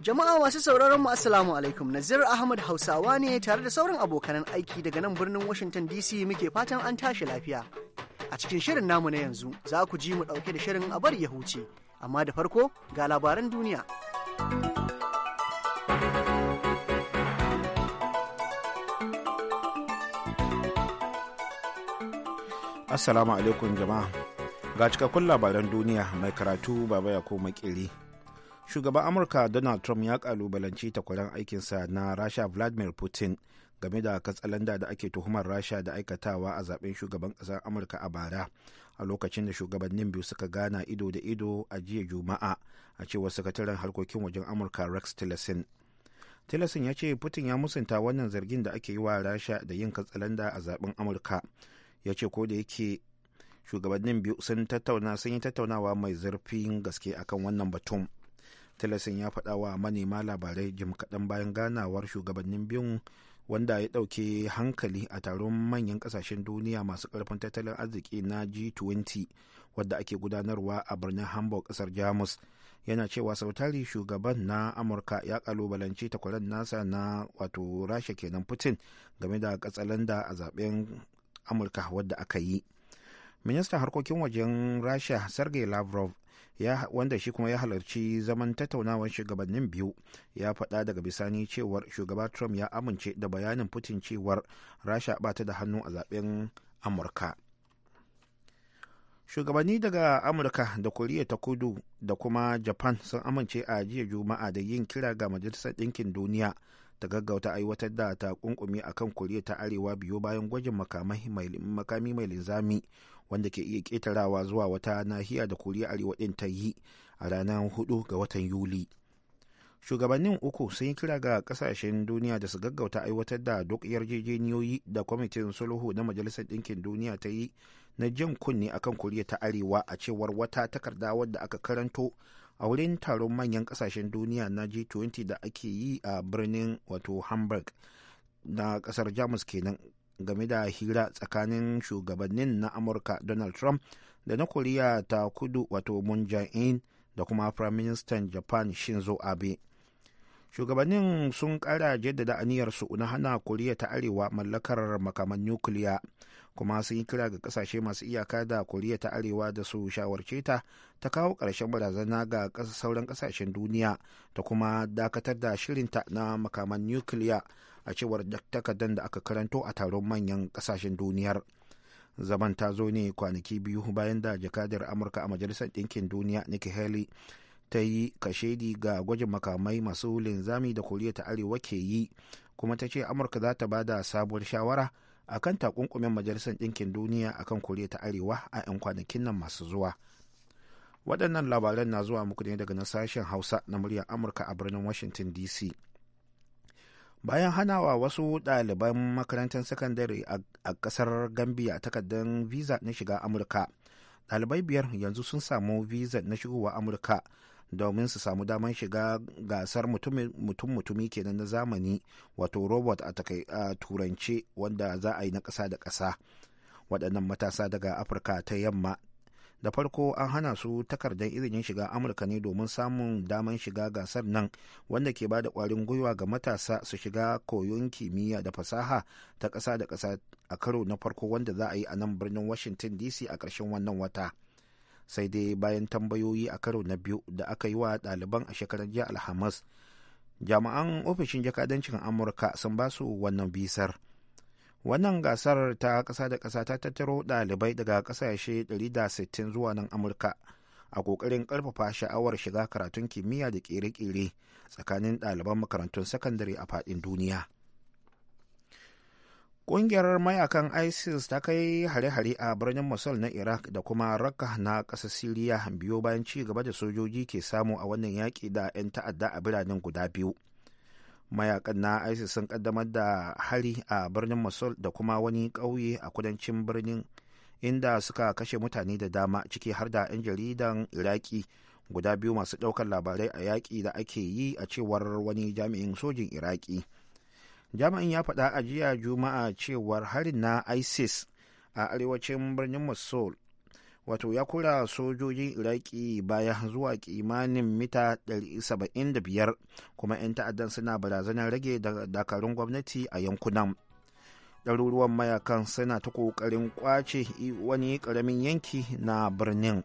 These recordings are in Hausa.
Jama'a masu sauraron mu Assalamu alaikum Nazir Ahmad Hausawa ne tare da sauran abokanan aiki daga nan birnin Washington DC muke fatan an tashi lafiya. A cikin shirin namu na yanzu za ku ji mu ɗauke da shirin a bari ya huce, amma da farko ga labaran duniya. Assalamu alaikum jama'a. Ga cikakkun labaran duniya mai karatu baba ya ko makiri. shugaban amurka donald trump ya kalubalanci takwaran aikinsa na rasha vladimir putin game da katsalanda da ake tuhumar rasha da aikatawa a zaben shugaban kasar amurka a bara a lokacin da shugabannin biyu suka gana ido da ido a jiya juma'a a cewa sakataren harkokin wajen amurka rex tillerson tillerson ya ce putin ya musanta wannan zargin da ake yi wa rasha da yin katsalanda a zaben amurka ya ce ko da yake shugabannin biyu sun yi tattaunawa mai zurfin gaske akan wannan batun tilasin ya faɗa wa manema labarai jim kaɗan bayan ganawar shugabannin biyun wanda ya ɗauke hankali a taron manyan ƙasashen duniya masu ƙarfin tattalin arziki na g20 wadda ake gudanarwa a birnin hamburg ƙasar jamus yana cewa sautari shugaban na amurka ya kalubalanci takwaran nasa na wato rasha kenan putin game da katsalanda a zaben amurka wadda aka yi ministan harkokin wajen rasha sergei lavrov wanda shi kuma ya halarci zaman tattaunawar shugabannin biyu ya faɗa daga bisani cewar shugaba trump ya amince da bayanin putin cewar rasha bata da hannu a zaben amurka shugabanni daga amurka da koriya ta kudu da kuma japan sun amince a jiya juma'a da yin kira ga majalisar ɗinkin duniya ta gaggauta aiwatar da ta kunkumi akan koriya ta arewa biyu bayan gwajin makami mai linzami wanda ke iya ƙetarawa zuwa wata nahiya da koriya arewa ɗin ta yi a ranar 4 ga watan yuli shugabannin uku sun yi kira ga kasashen duniya da su gaggauta aiwatar da duk yarjejeniyoyi da kwamitin sulhu na majalisar ɗinkin duniya ta yi na jin kunne akan koriya ta arewa a cewar wata takarda wadda aka karanto a wurin taron manyan kasashen duniya na g20 da ake yi a birnin wato hamburg na kasar jamus kenan game da hira tsakanin shugabannin na amurka donald trump da na koriya ta kudu wato moon in da kuma prime minister japan shinzo abe shugabannin sun kara jaddada aniyarsu na hana koriya ta arewa mallakar makaman nukiliya kuma sun yi kira ga kasashe masu iyaka da koriya ta arewa da su shawarce ta ta kawo ƙarshen barazana ga sauran kasashen duniya ta kuma dakatar da shirinta na makaman nukiliya a cewar takardar da aka karanto a taron manyan kasashen duniyar zaman ta zo ne kwanaki biyu bayan da jakadar amurka a majalisar ɗinkin duniya nikki haley ta yi kashedi ga gwajin makamai masu linzami da koriya ta arewa ke yi kuma ta ce amurka za ta bada sabuwar shawara a kan takunkumin majalisar ɗinkin duniya akan koriya ta arewa a 'yan kwanakin nan masu zuwa waɗannan labaran na zuwa muku ne daga nasashen sashen hausa na muryar amurka a birnin washington dc bayan hanawa wasu ɗaliban makarantar sakandare a ƙasar gambia takardar visa na shiga amurka ɗalibai biyar yanzu sun samu visa na shigowa amurka domin su samu damar shiga gasar mutum-mutumi kenan na zamani wato robot a turance wanda za a yi na ƙasa da ƙasa waɗannan matasa daga afirka ta yamma da farko an hana su takardar izinin shiga amurka ne domin samun daman shiga gasar nan wanda ke ba da kwarin gwiwa ga matasa su shiga koyon kimiyya da fasaha ta ƙasa da kasa a karo na farko wanda za a yi a nan birnin washington dc a ƙarshen wannan wata sai dai bayan tambayoyi a karo na biyu da aka yi wa ɗaliban a shekarar jiya alhamis jami'an ofishin jakadancin amurka sun ba su wannan bisar wannan gasar ta ƙasa da ƙasa ta tattaro ɗalibai daga ƙasashe 160 zuwa nan amurka a ƙoƙarin ƙarfafa sha'awar shiga karatun kimiyya da ƙere kere tsakanin ɗaliban makarantun sakandare a faɗin duniya ƙungiyar mayakan isis ta kai hare-hare a birnin mosul na iraq da kuma raqqa na ƙasa siriya biyo bayan ci gaba da sojoji ke samu a wannan yaƙi da 'yan ta'adda a biranen guda biyu mayakan na isis sun kaddamar da hari a birnin mosul da kuma wani ƙauye a kudancin birnin inda suka kashe mutane da dama ciki har da 'yan jaridan iraki guda biyu masu ɗaukar labarai a yaƙi da ake yi a cewar wani jami'in sojin iraki jami'in ya faɗa a jiya juma'a cewar harin na isis a arewacin birnin mosul wato ya kura sojojin iraki baya zuwa kimanin mita 175 kuma 'yan ta'addan suna barazanar rage dakarun gwamnati a yankunan ɗaruruwan mayakan suna ta ƙoƙarin ƙwace wani ƙaramin yanki na birnin.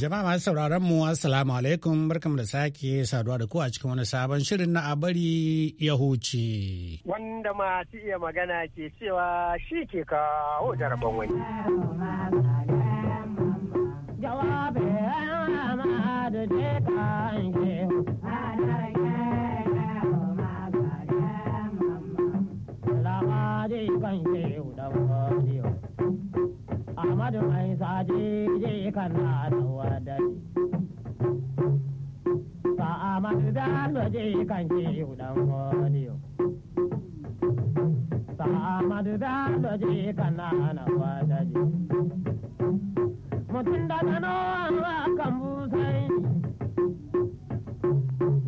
Jama'a masu sauraron mu assalamu alaikum barkamu da sake saduwa da ku a cikin wani sabon shirin na abari ya huce. Wanda masu iya magana ke cewa shi ke kawo jaraban wani. Jawabin da je ban ke da wani Ahmadu mai saje je kana da wadai. Ba Ahmadu da je kan ke dan godiyo. Ba Ahmadu da je kana na wadai. Mutum da gano kan busai.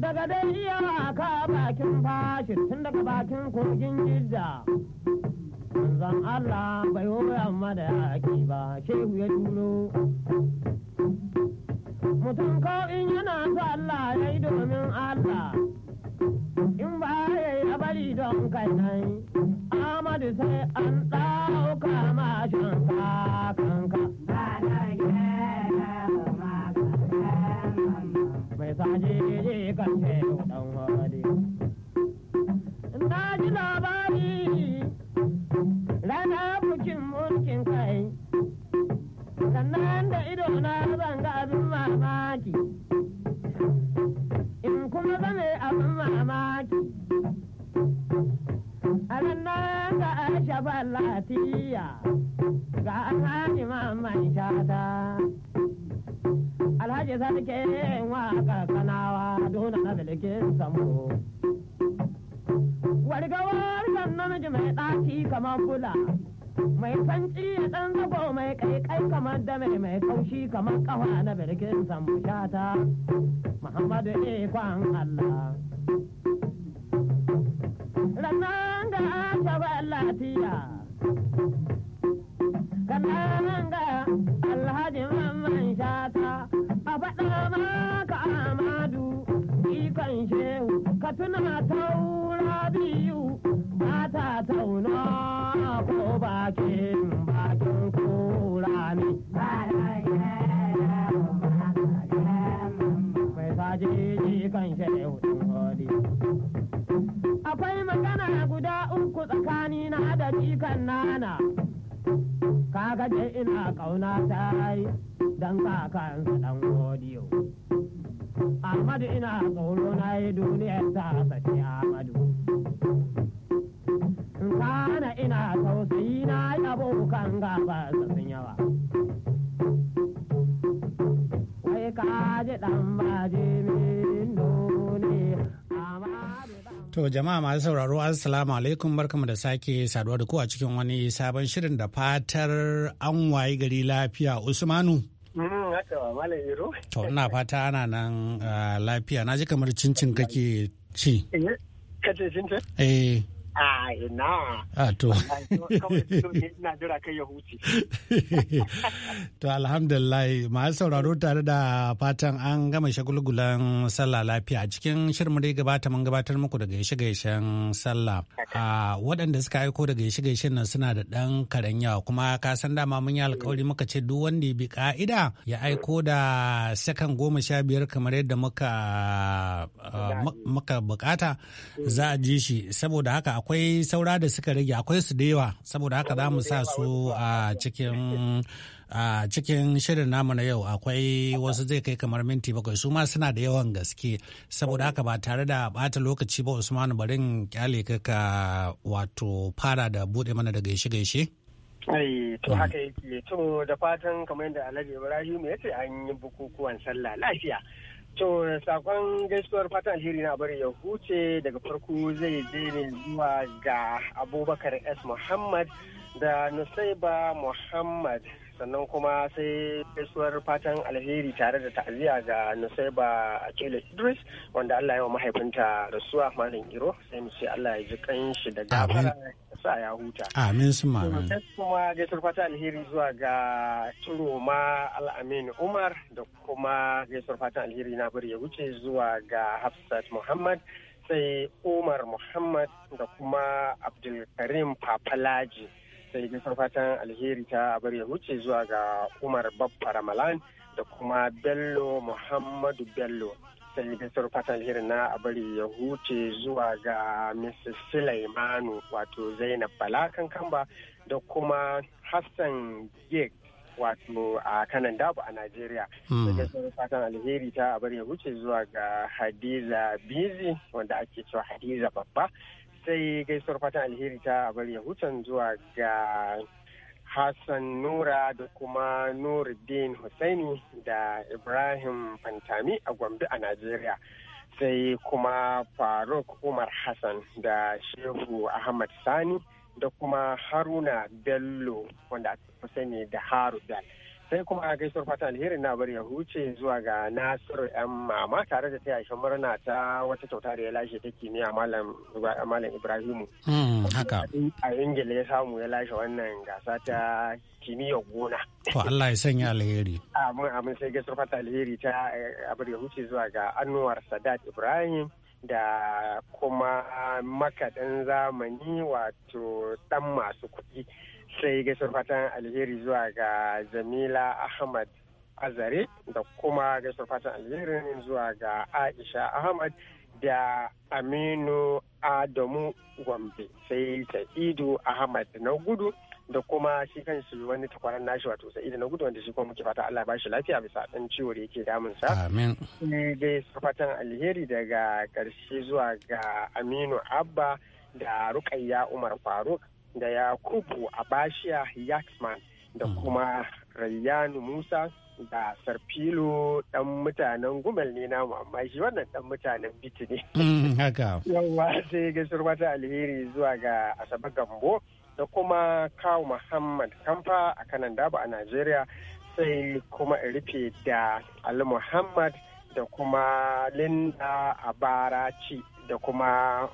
Daga dai iya ka bakin fashi tun daga bakin kogin jidda. manzan Allah bai hoya da yaki ba shehu ya turo. Mutum ko in yana so Allah ya yi domin Allah in ba ya yi bari don kai nan Amadu sai an ɗauka mashin kanka. Bai sa je je kan shehu Muna zan ga abin mamaki in kuma zame abin mamaki a nan ga aisha latiya ga alhaji mamman shata alhaji sarki yin waka kanawa dona na bilkin samu warga wargan namiji mai ɗaki kamar bula mai sanci ya ɗan zubo mai kaikai kamar da mai mai kaushi kamar kawa na birkin sambushata muhammadu ikon allah Ranar ga asaba latiya kannan ga alhaji mamman shata a faɗa ka amadu ikon shehu ka tuna taura biyu ba ta tauna shi hori. Akwai magana guda uku tsakani na da jikan nana, kaga je ina ƙauna ta yi don kakansa ɗan godiyo. Ahmadu ina tsoro na yi duniyar ta sace Ahmadu. Kana ina tausayi na yi abokan gaba sun yawa. kaji dan To jama'a masu sauraro assalamu alaikum barkamu da sake saduwa da ku a cikin wani sabon shirin da fatar an wayi gari lafiya Usmanu. Mm, to ina fata ana nan ah, lafiya na ji kamar cincin kake ci. Eh. a ina to to alhamdulillah masu sauraro tare da fatan an gama shagulgulan sallah lafiya a cikin shirin da gabata mun gabatar muku daga gaishe sallah a waɗanda suka aiko da gaishe-gaishen nan suna da ɗan karen kuma ka san dama mun yi alkawari muka ce duk wanda bi ka'ida ya aiko da sakan goma sha biyar kamar yadda muka uh, muka bukata za a ji shi saboda haka akwai saura da suka rage akwai su da yawa saboda haka za mu sa su a cikin a cikin shirin namu na yau akwai wasu zai kai kamar minti bakwai su ma suna da yawan gaske saboda haka ba tare da bata lokaci ba usmanu barin kyale ka wato fara da bude mana da gaishe gaishe Ai, to mm. haka yake to da fatan kamar yadda Alhaji Ibrahim ya ce an yi bukukuwan sallah lafiya. To sakon gaisuwar fatan alheri na bari ya huce daga farko zai je ne zuwa ga Abubakar S. Muhammad da Nusaiba Muhammad sannan kuma sai gaisuwar fatan alheri tare da ta'aziyya ga Nusaiba kela Idris wanda Allah yawa wa mahaifinta rasuwa Malam Iro sai mu ce Allah ya ji kanshi da gafara sa ya huta. Amin su ma. kuma gaisuwar surfata alheri zuwa ga Turoma Al'amin Umar da kuma gaisuwar surfata alheri na bari ya wuce zuwa ga Hafsat Muhammad sai Umar Muhammad da kuma Abdulkarim Papalaji sai gaisuwar fatan alheri ta bari ya wuce zuwa ga Umar babbar Ramalan da kuma Bello Muhammadu Bello. sai gaisuwar fatan alheri na a bari ya huce zuwa ga Mrs. Sulaimanu wato Zainab Bala Kankamba da kuma Hassan Gek wato a kanan dabu a Najeriya. Da hmm. fatan alheri ta a bari ya huce zuwa ga Hadiza Bizi wanda ake cewa Hadiza babba sai gaisuwar fatan alheri ta a bari ya hucen zuwa ga Hassan Nura da kuma Nuruddin Hussaini da Ibrahim Fantami a Gombe a Najeriya. Sai kuma Faruk Umar Hassan da Shehu Ahmad Sani da kuma Haruna Bello wanda aka sani da Haru Bello. sai kuma a gaisuwar fata alherin na bari ya huce zuwa ga nasiru yan mama tare da taya shi murna ta wata kyauta da ya lashe ta kimiyya malam ibrahimu hmm, haka a ingila ya samu ya lashe wannan gasa ta kimiyya gona to allah ya sanya alheri amin amin sai gaisuwar fata alheri ta eh, abar ya huce zuwa ga anwar sadat ibrahim da kuma makaɗin zamani wato dan masu kuɗi sai gaisar fatan alheri zuwa ga jamila ahmad azare da kuma gaisar fatan alheri zuwa ga aisha ahmad da aminu adamu gombe sai ta idu ahmad na gudu da kuma shi kan shi wani takwaran nashi wato sa'idu na gudu wanda shi kuma muke fata Allah ba shi lafiya bisa dan ciwo da yake damun sa amin dai fatan alheri daga karshe zuwa ga aminu abba da rukayya umar faruk da yakubu Abashia yaksman da mm. kuma rayyanu musa da sarfilo dan mutanen gumel ne namu amma shi wannan dan mutanen biti ne mm, yawa sai Gasar wata alheri zuwa ga asabe gambo da kuma kawo muhammad kamfa a kanan daba a najeriya sai kuma rufe da ali muhammad da kuma linda abaraci da kuma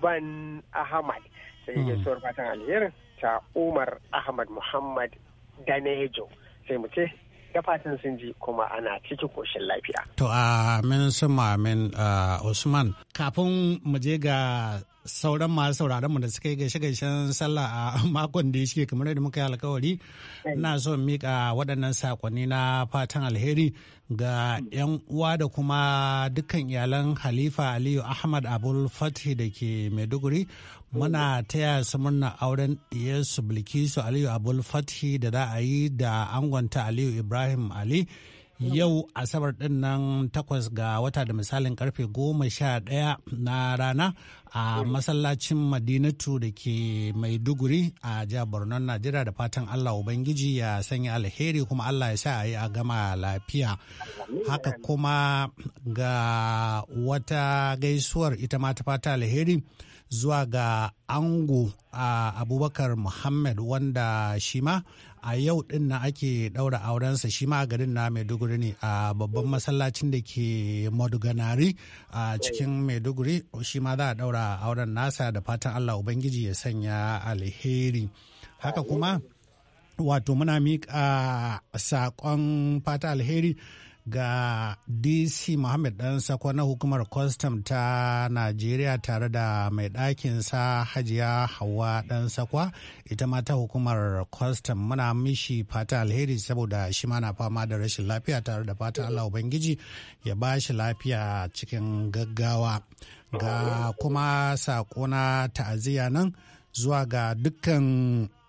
ban ahmad sai gaisuwar hmm. fatan alherin ta umar ahmad muhammad danejo sai mu ce da fatan sun ji kuma ana cikin koshin lafiya. To amin sun amin uh, Usman kafin mu je ga sauran masu sauraron mu da suka yi gaishe gaishen sallah a makon da ya shige kamar yadda muka yi alkawari ina so mika waɗannan sakonni na fatan alheri ga yan uwa da kuma dukkan iyalan Halifa Aliyu Ahmad Abul fatih da ke Maiduguri muna taya su murna auren su Bilkisu Aliyu Abul fatih da za a yi da angonta Aliyu Ibrahim Ali. yau asabar din nan takwas ga wata da misalin karfe goma sha ɗaya na rana a masallacin madinatu da ke maiduguri a jihar borno najeriya da fatan allah ubangiji ya sanya alheri kuma allah ya sa a yi a gama lafiya haka kuma ga wata gaisuwar ita ma ta fata alheri zuwa ga ango a abubakar muhammad wanda shi ma a yau din na ake daura aurensa shi ma garin na maiduguri ne a babban masallacin da ke maduganari a cikin maiduguri shi ma za a daura auren nasa da fatan allah ubangiji ya sanya alheri haka kuma wato muna miƙa saƙon fata alheri ga dc Mohammed dan sako na hukumar kwastam ta najeriya tare da mai ɗakin sa hajiya hawa dan sakwa ita ma ta hukumar kwastam muna mishi fata alheri saboda shi ma na fama da rashin lafiya tare da fata allah ubangiji ya ba shi lafiya cikin gaggawa ga kuma na ta'aziyya nan zuwa ga dukkan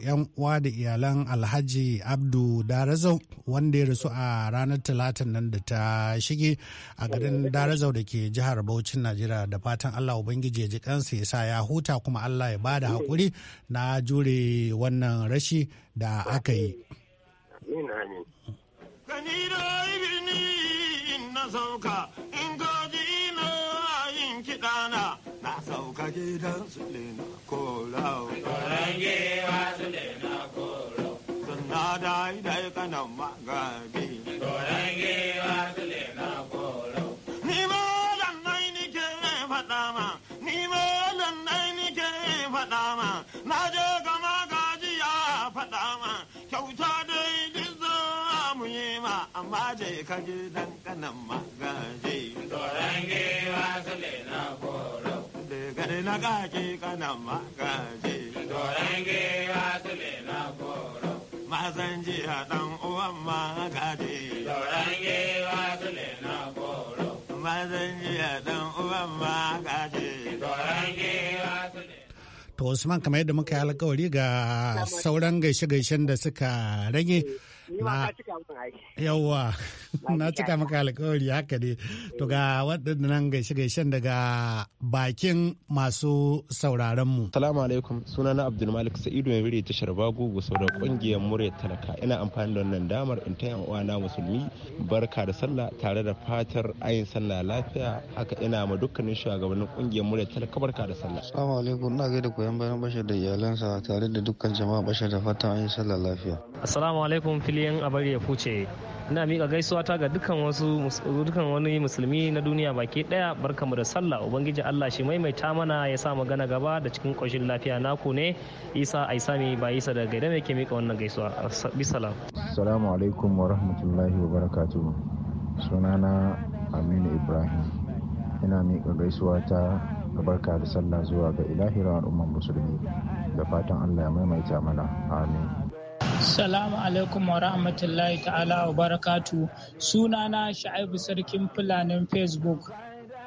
'yan uwa da iyalan alhaji abdu darazau wanda ya rasu a ranar talatin nan da ta shige a garin darazau da ke jihar Bauchin najeriya da fatan allah ubangiji ya ji kansa ya sa ya huta kuma allah ya bada hakuri na jure wannan rashi da aka yi in na sauka in godi na yin kiɗana na sauka gidan su na korau. Koran gewa su na korau. Suna dai dai kanan magabi. Koran gewa su na korau. Ni ma lallai ni ke faɗa ma, ni ma lallai ni ke faɗa ma, na je kama gama gajiya faɗa ma, kyauta dai duk zo mu yi ma, amma je ka gidan kanan magabi. Koran gewa su na korau. kare na kake kana magaji doron gewa tule na goro mazan jiya dan uwan magaji doron gewa tule na goro mazan jiya dan uwan magaji doron gewa tule To Usman kamar yadda muka yi alkawari ga sauran gaishe-gaishen da suka rage na yawwa na cika maka alkawari haka ne to eh. ga waɗannan gaishe gaishen daga bakin masu sauraron mu salamu alaikum suna na abdulmalik sa'idu mai murya tashar bagugu sau da kungiyar murya talaka ina amfani da wannan damar in taya na musulmi barka da sallah tare da fatar ayin sallah lafiya haka ina ma dukkanin shugabannin kungiyar murya talaka barka da sallah salamu alaikum na gaida koyan bayan bashar da iyalansa tare da dukkan jama'a bashar da fatan ayin sallah lafiya assalamu alaikum filin a bari ya fuce ina miƙa gaisuwa ta ga dukkan wasu dukkan wani musulmi na duniya baki daya barkamu da sallah ubangiji Allah shi maimaita mana ya sa magana gaba da cikin koshin lafiya naku ne Isa Aisami ba Isa daga gaida ke miƙa wannan gaisuwa bisalam assalamu alaikum wa rahmatullahi wa barakatuh sunana Aminu Ibrahim ina miƙa gaisuwa ta barka da sallah zuwa ga ilahirar al'umman musulmi da fatan Allah ya maimaita mana amin Salamu alaikum wa rahmatullahi ta'ala wa barakatu. Sunana Sha'ibu Sarkin Fulanin Facebook.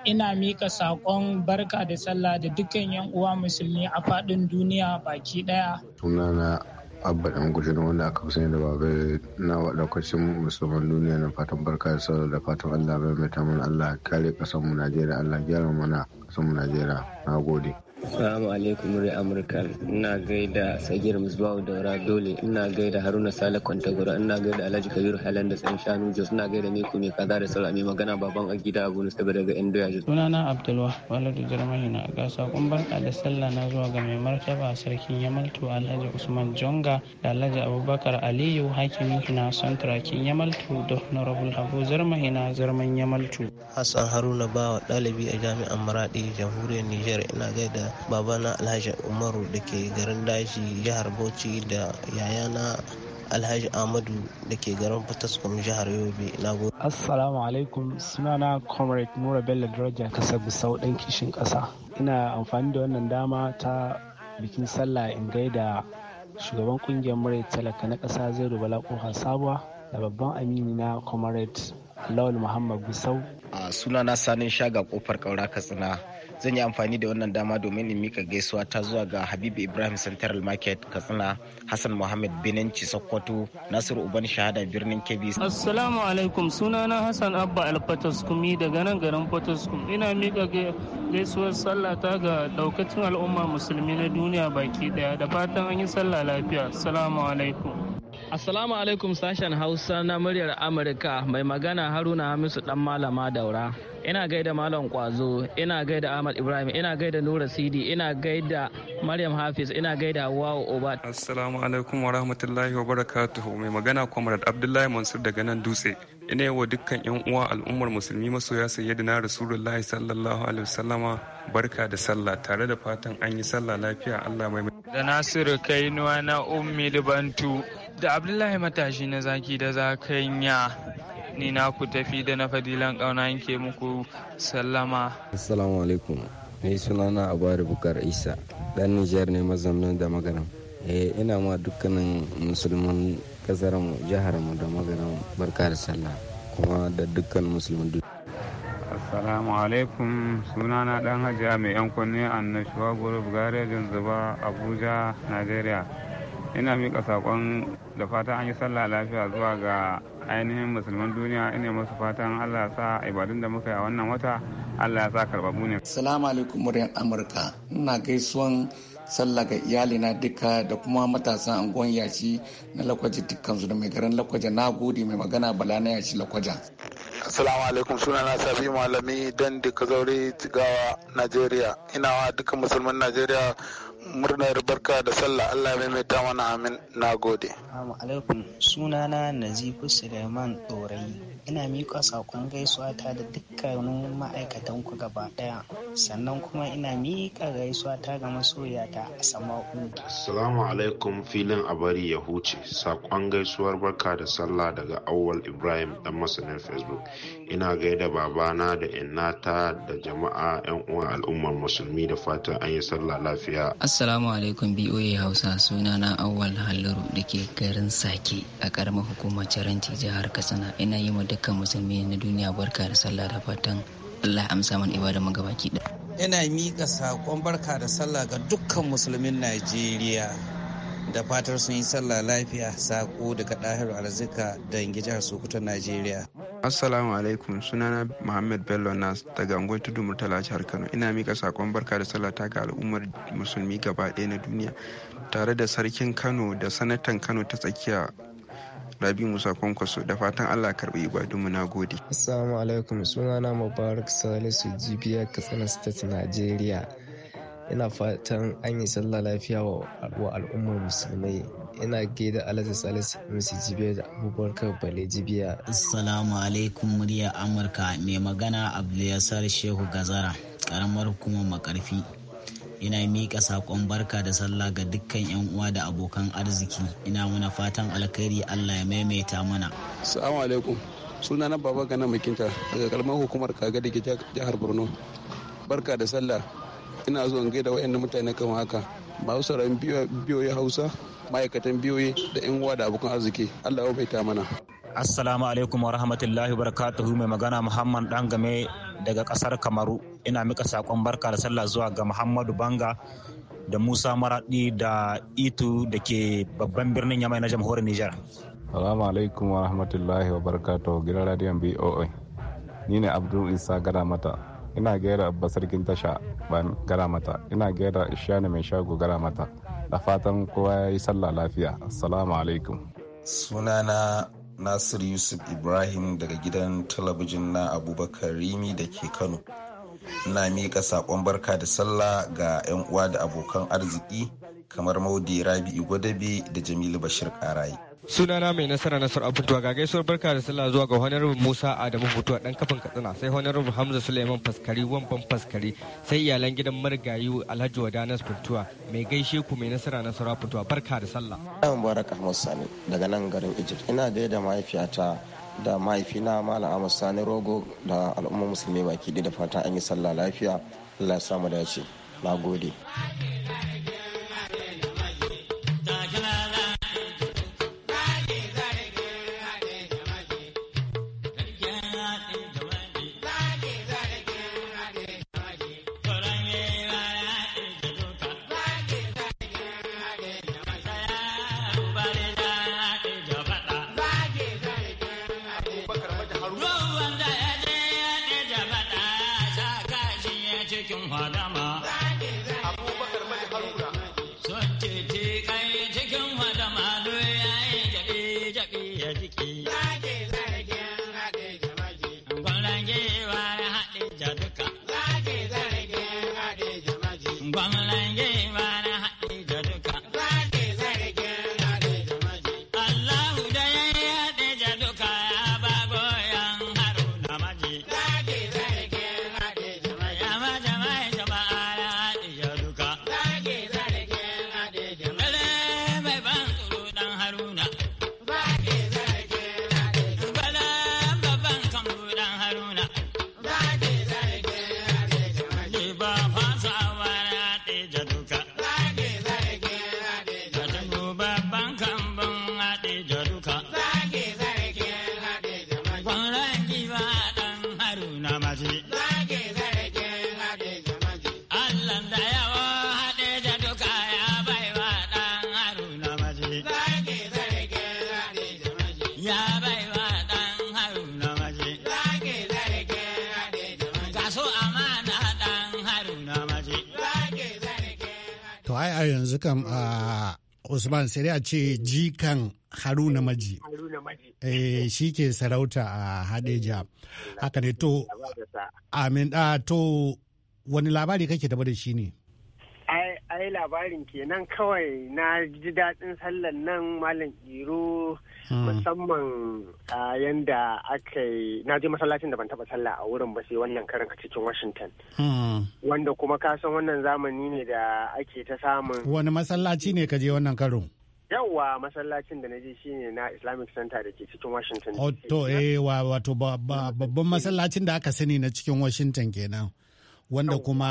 Ina mika saƙon barka da sallah da dukkan 'yan uwa musulmi a faɗin duniya baki ɗaya. Sunana abba ɗan gudunar wanda aka fi sani da babai na waɗaukacin musulman duniya na fatan barka da sallah da fatan allah bai mai tamun allah kare ƙasarmu najeriya allah gyara mana ƙasarmu najeriya na gode. Assalamu alaikum muryar Amurka. Ina gaida Sagir Musbahu Daura Dole, ina gaida Haruna Sale Kwantagura, ina gaida Alhaji Kabir Hailan da Sani Shanu Jos, ina gaida Miku mai kaza da saura magana baban a gida Abu Nustaba daga Indoya Suna Sunana Abdulwa, da Jarmani na ga sakon barka da sallah na zuwa ga mai martaba sarkin Yamaltu Alhaji Usman Jonga da Alhaji Abubakar Aliyu na son turakin Yamaltu da Honorable Habu Zarmahi na Zarman Yamaltu. Hassan Haruna Bawa ɗalibi a jami'an maraɗi Jamhuriyar Nijar ina gaida babana alhaji umaru da ke garin daji jihar bauchi da yayana alhaji amadu da ke garin fataskum jihar yobe na gode assalamu alaikum sunana comrade mura bello daraja kasa gusau dan kishin kasa ina amfani da wannan dama ta bikin sallah in gaida shugaban kungiyar murai talaka na kasa zai rubala kofar sabuwa da babban amini na comrade lawal muhammad gusau a sunana sanin shaga kofar kaura katsina zan yi amfani da wannan dama domin in mika gaisuwa ta zuwa ga habibu ibrahim central market katsina hassan muhammed binanci sokoto nasiru uban shahada birnin kebbi assalamu alaikum suna na hassan abba alfataskumi daga nan garin fataskum ina mika gaisuwar sallah ta ga daukacin al'umma musulmi na duniya baki daya da fatan an yi sallah lafiya assalamu alaikum Assalamu alaikum sashen Hausa na muryar Amurka mai magana Haruna Hamisu dan Malama Daura. ina gaida malam kwazo ina gaida ahmad ibrahim ina gaida nura sidi ina gaida maryam hafiz ina gaida wawo oba assalamu alaikum wa rahmatullahi wa barakatuhu mai magana comrade abdullahi mansur daga nan dutse ina yi wa dukkan yan uwa al'ummar musulmi masoya sayyidina rasulullahi sallallahu alaihi wasallama barka da sallah tare da fatan an yi sallah lafiya allah mai da nasiru kainuwa na ummi libantu da abdullahi matashi na zaki da zakanya ni na ku tafi da na fadilan kauna yanke muku sallama. Assalamu alaikum. suna na Abari Bukar Isa, Dan Nijar ne mazaunin da magana. Eh ina ma dukkanin musulman kasar mu jihar mu da magana barka da sallah kuma da dukkan musulman duk. Assalamu alaikum suna na dan hajiya mai yan kunne annashuwa gurub garejin zuba Abuja, nigeria. ina mika saƙon da fatan an yi sallah lafiya zuwa ga ainihin musulman duniya ina masu fatan allah sa ibadun da muka yi a wannan wata allah ya sa karbabu ne salamu alaikum muryar amurka ina gaisuwan sallah ga iyalina duka da kuma matasan angon yaci na lakwaje dukkansu da mai garin lakwaje na gode mai magana bala na yaci lakwaja Assalamu alaikum suna na sabi malami dan duka zaure jigawa Najeriya. Ina wa duka musulman Najeriya murnar barka da sallah Allah ya maimaita mana amin na gode. alaikum sunana Nazifu Suleiman Ɗorayi. ina miƙa saƙon gaisuwa ta da dukkanin ma'aikatan ku gaba ɗaya sannan kuma ina miƙa gaisuwa ta ga masoya ta a sama'u. Assalamu alaikum filin abari ya huce saƙon gaisuwar barka da sallah daga awwal Ibrahim dan masanin Facebook ina gaida babana da innata da jama'a yan uwa al'ummar musulmi da fatan an yi sallah lafiya. Assalamu alaikum BOA Hausa suna na awwal da ke garin Sake a ƙaramar hukumar Jaranci jihar Katsina ina yi ma dukkan musulmi na duniya barka da sallah da fatan Allah amsa mana ibada mu gabaki da ina mika sakon barka da sallah ga dukkan musulmin Najeriya da fatar sun yi sallah lafiya sako daga ɗahiru arzika da jihar sokoto najeriya assalamu alaikum sunana muhammad bello nas daga angon tudu murtala jihar kano ina mika sakon barka da sallah ta ga al'ummar musulmi gaba ɗaya na duniya tare da sarkin kano da sanatan kano ta tsakiya rabi musa kwankwaso da fatan allah karɓi ibadunmu na gode assalamu alaikum sunana mubarak salisu jibiya katsina state nigeria ina fatan an yi sallah lafiya wa al'ummar musulmai ina gaida alhaji salisu musu jibiya da abubakar bale jibiya assalamu alaikum murya amurka mai magana abdullasar shehu gazara karamar hukumar makarfi ina miƙa saƙon barka da sallah ga dukkan 'yan uwa da abokan arziki ina muna fatan alkhairi allah ya maimaita mana salamu alaikum suna na baba gana makinta daga kalmar hukumar kaga da jihar borno barka da sallah ina zuwa gaida waɗannan mutane kan haka masu sauran biyoyi hausa ma'aikatan biyoyi da 'yan uwa da abokan arziki allah ya maimaita mana Assalamu alaikum wa rahmatullahi wa barakatuhu mai magana Muhammad dan game daga kasar Kamaru. Ina mika sakon barka da sallah zuwa ga Muhammadu Banga da Musa Maradi da Itu da ke babban birnin Yamai na jamhuriyar Nijar. Assalamu alaikum wa rahmatullahi wa barakatuhu gidan radiyon BOA. Ni ne Abdul Isa gada mata. Ina gaira Abba Sarkin Tasha ban gara mata. Ina gaira Ishiyana mai shago gara mata. Da fatan kowa ya yi sallah lafiya. Assalamu alaikum. Sunana nasir yusuf ibrahim daga gidan talabijin na abubakar rimi da ke kano ina miƙa saƙon barka da sallah ga 'yan uwa da abokan arziki kamar maudi rabi'u gwadabe da jamilu bashir karayi sunana mai nasara nasar abubuwa ga gaisuwar barka da sallah zuwa ga honorable musa adamu butuwa dan kafin katsina sai honorable hamza suleiman faskari wamban faskari sai iyalan gidan marigayi alhaji wadanas butuwa mai gaishe ku mai nasara nasara butuwa barka da sallah dan baraka ahmad daga nan garin egypt ina da da mahaifiyata da mahaifina malam ahmad sani rogo da al'umma musulmi baki da fatan an yi sallah lafiya allah ya samu dace na gode kam a Usman sai a ce jikan Haruna Maji. Eh shi ke sarauta a Hadeja. Haka ne to amin da to wani labari kake da shi ne? ai labarin kenan kawai na ji daɗin sallan nan malam iro hmm. musamman a yanda aka yi na je masallacin da ban taɓa sallah a wurin ba sai wannan karin a cikin washington hmm. wanda kuma ka san wannan zamani ne da ake ta samun wani masallaci ne ka je wannan karin yawwa masallacin da na je shine na islamic center da ke cikin washington oh, to eh wato babban masallacin da aka sani na cikin washington kenan wanda kuma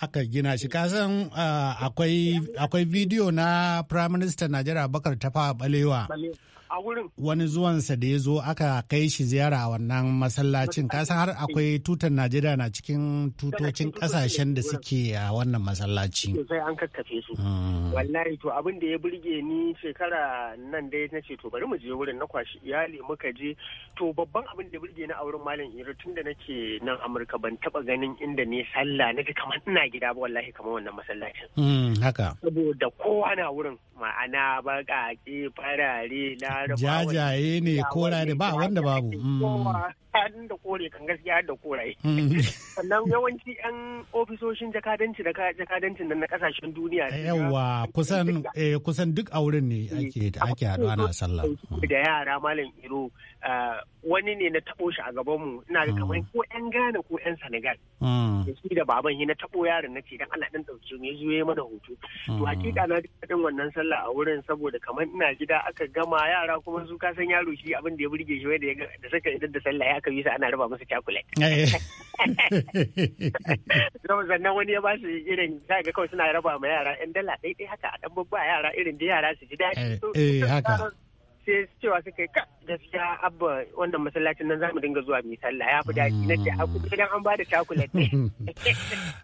aka gina shi kasan ah, akwai bidiyo na Firaministan minister najeriya bakar tafa balewa a wurin wani zuwansa da ya zo aka kai shi ziyara a wannan masallacin kasan har akwai tutar najeriya na cikin tutocin kasashen da suke a wannan masallaci sai an kakkafe su hmm. wallahi to abin da ya burge ni shekara nan dai na ce to bari mu je wurin na kwashi iyali muka je to babban abin da burge ni a wurin malam iro tun da nake nan amurka ban taba ganin inda ne sallah na kamar ina gida ba wallahi kamar wannan masallacin hmm, haka saboda kowa na wurin ma'ana baƙaƙe farare la jajaye ne koraye ba wanda babu hannun mm. da kore kan gaskiya da koraye mm. sannan yawanci yan ofisoshin jakadanci da jakadancin nan na kasashen duniya yawa kusan eh, kusan duk auren ne eh, ake ake haɗu ana sallah mm. da yara malam iro eh, wani ne na tabo shi a gaban mu ina ga kamar ko yan gana ko yan Senegal shi da baban yi na tabo yaron na ce dan Allah dan dauke mu yazo yayi mana hoto to hakika na din wannan sallah a wurin saboda kamar ina gida aka gama yara yara kuma su san yaro shi abin da ya burge shi da da saka idan da sallah ya aka bisa ana raba musu cakulet eh. sannan wani ya ba su irin za ga kawai suna raba ma yara yan dala ɗaya haka a ɗan babba yara irin da yara su ji daɗi eh, eh, sai cewa suka kai ka gaskiya abba wannan masallacin nan zamu dinga zuwa mai sallah ya fi daji na ce aku idan an bada chocolate ne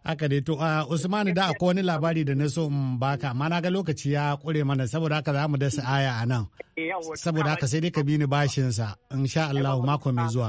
haka dai to Usman da akwai wani labari da na so in baka amma na ga lokaci ya kure mana saboda haka zamu dasa aya a nan eh, saboda haka sai dai ka bi ni bashin sa insha Allah mako mai zuwa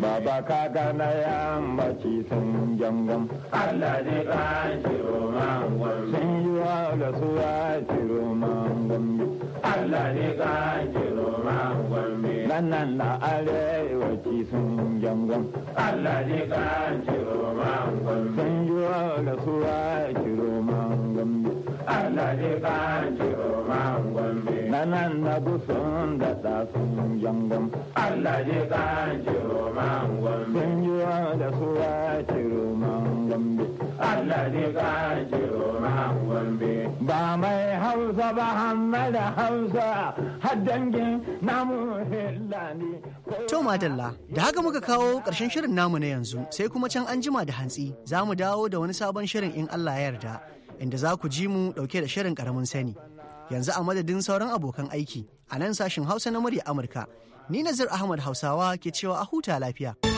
baba ka gana ya mace sun jangam Allah ne ka ciro mangon sun yi wa da su ya ciro mangon Allah ne ka ciro mangon nan nan na ci sun jangam Allah ne ka ciro mangon sun yi wa da su ya ciro mangon Allah ne ka ciro mangon nanan na gusun da ta sun jangon. Allah ji kan ciro mangon. Sun wa da suwa ciro mangon bi. Allah ji kan ciro mangon bi. Ba mai hausa ba hamma da hausa har dangin namu hillani. To madalla, da haka muka kawo ƙarshen shirin namu na yanzu sai kuma can an jima da hantsi za mu dawo da wani sabon shirin in Allah ya yarda. Inda za ku ji mu ɗauke da shirin ƙaramin sani. yanzu a madadin sauran abokan aiki a nan sashen hausa na murya amurka ni nazir ahmad hausawa ke cewa a huta lafiya.